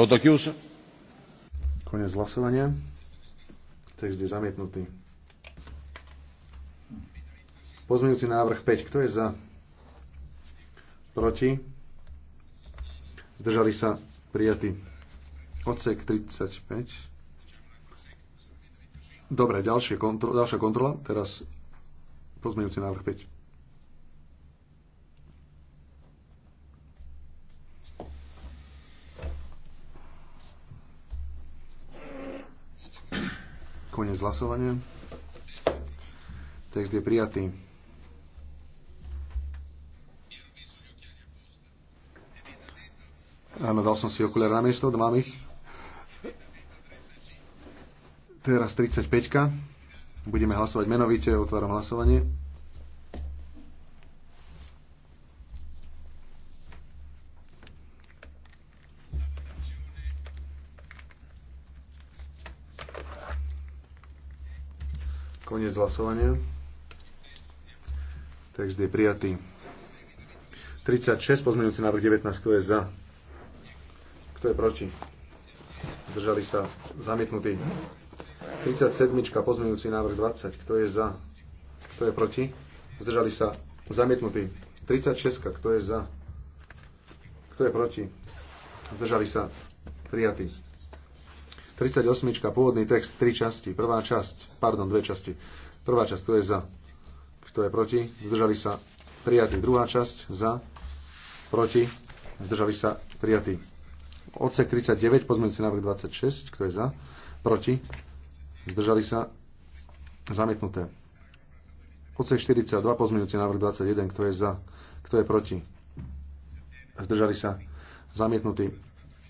Voto chiuso. Konec hlasovania. Text je zamietnutý. Pozmeňujúci návrh 5. Kto je za? Proti? Zdržali sa prijatí. Odsek 35. Dobre, ďalšie kontro, ďalšia kontrola. Teraz pozmeňujúci návrh 5. Konec hlasovania. Text je prijatý. Áno, dal som si okuliare na miesto, mám ich. Teraz 35. Budeme hlasovať menovite, otváram hlasovanie. Koniec hlasovania. Text je prijatý. 36, pozmeňujúci návrh 19, kto je za? Kto je proti? Zdržali sa zamietnutí. 37, pozmeňujúci návrh 20, kto je za? Kto je proti? Zdržali sa zamietnutí. 36, kto je za? Kto je proti? Zdržali sa prijatí. 38. pôvodný text, tri časti. Prvá časť, pardon, dve časti. Prvá časť, kto je za, kto je proti, zdržali sa prijatí. Druhá časť, za, proti, zdržali sa prijatí. Odsek 39, pozmeňujúci návrh 26, kto je za, proti, zdržali sa zamietnuté. Odsek 42, pozmeňujúci návrh 21, kto je za, kto je proti, zdržali sa zamietnutí.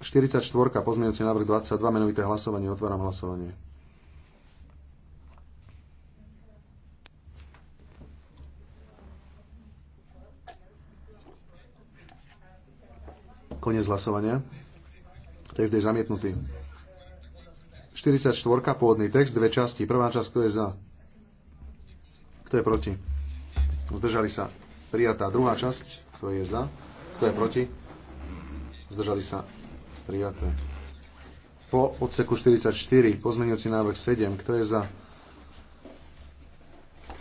44. pozmeňujúci návrh 22, menovité hlasovanie. Otváram hlasovanie. Konec hlasovania. Text je zamietnutý. 44. pôvodný text, dve časti. Prvá časť, kto je za? Kto je proti? Zdržali sa. Prijatá druhá časť, kto je za? Kto je proti? Zdržali sa Prijaté. Po odseku 44, pozmeňujúci návrh 7, kto je za?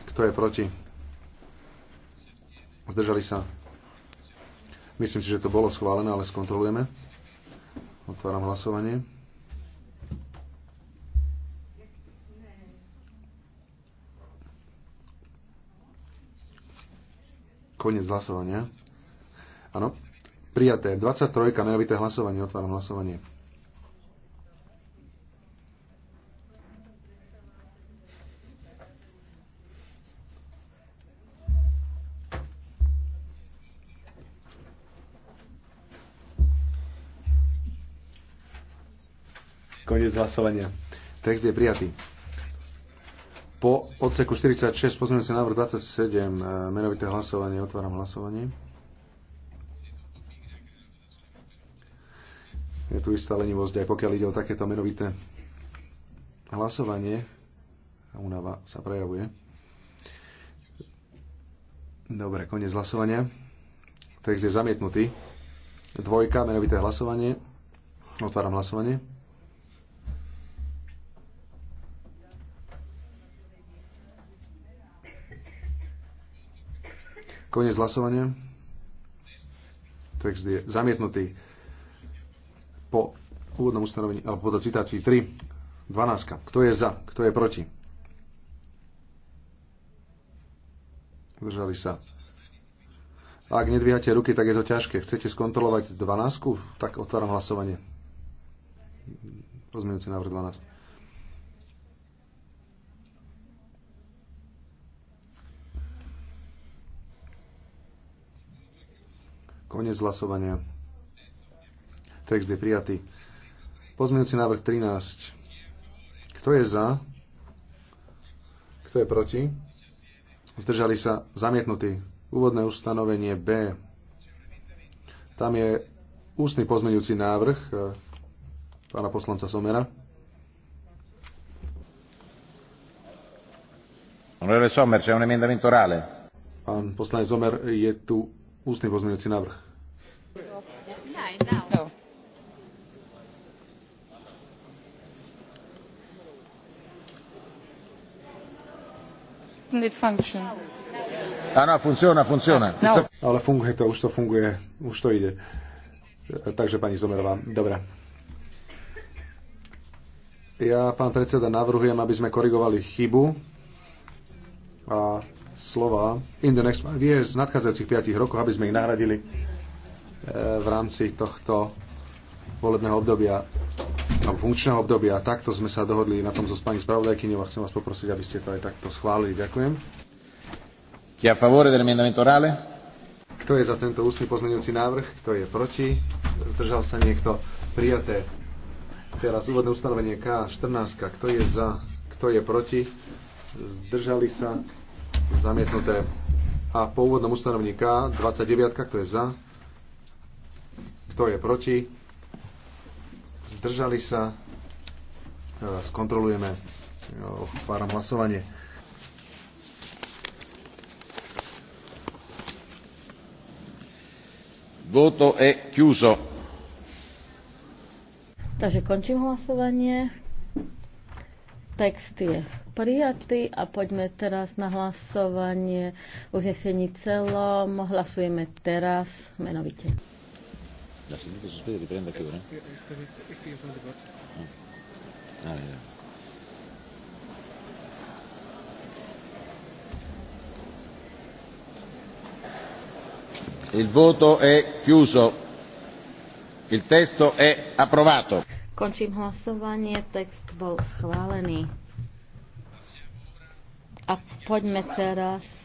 Kto je proti? Zdržali sa? Myslím si, že to bolo schválené, ale skontrolujeme. Otváram hlasovanie. Konec hlasovania. Áno, Prijaté. 23. Menovité hlasovanie. Otváram hlasovanie. Koniec hlasovania. Text je prijatý. Po odseku 46 pozmeňujem sa návrh 27, e, menovité hlasovanie, otváram hlasovanie. tu istá lenivosť, aj pokiaľ ide o takéto menovité hlasovanie. A únava sa prejavuje. Dobre, koniec hlasovania. Text je zamietnutý. Dvojka, menovité hlasovanie. Otváram hlasovanie. Koniec hlasovania. Text je zamietnutý po úvodnom ustanovení, alebo po citácii 3, 12. Kto je za? Kto je proti? Držali sa. Ak nedvíhate ruky, tak je to ťažké. Chcete skontrolovať 12? Tak otváram hlasovanie. Pozmeňujúci návrh 12. Konec hlasovania. Text je prijatý. Pozmeňujúci návrh 13. Kto je za? Kto je proti? Zdržali sa zamietnutí. Úvodné ustanovenie B. Tam je ústny pozmeňujúci návrh e, pána poslanca Somera. Pán poslanec Sommer, je tu ústny pozmeňujúci návrh. No, it Áno, ah, no. Ale funguje to, už to funguje, už to ide. Takže pani Zomerová, dobre. Ja, pán predseda, navrhujem, aby sme korigovali chybu a slova in the next five years, nadchádzajúcich 5 rokov, aby sme ich nahradili eh, v rámci tohto volebného obdobia koncom funkčného obdobia. Takto sme sa dohodli na tom zo so pani spravodajkyňou a chcem vás poprosiť, aby ste to aj takto schválili. Ďakujem. Kto je za tento ústny pozmeňujúci návrh? Kto je proti? Zdržal sa niekto? Prijaté. Teraz úvodné ustanovenie K14. Kto je za? Kto je proti? Zdržali sa? Zamietnuté. A po úvodnom ustanovení K29. Kto je za? Kto je proti? zdržali sa, skontrolujeme, otváram hlasovanie. Voto e chiuso. Takže končím hlasovanie. Text je prijatý a poďme teraz na hlasovanie uznesení celom. Hlasujeme teraz menovite. La seduta sospesa riprende a che ora? Ah, vediamo. Ah, Il voto è chiuso. Il testo è approvato. Končím hlasovanie, text bol schválený. A poďme teraz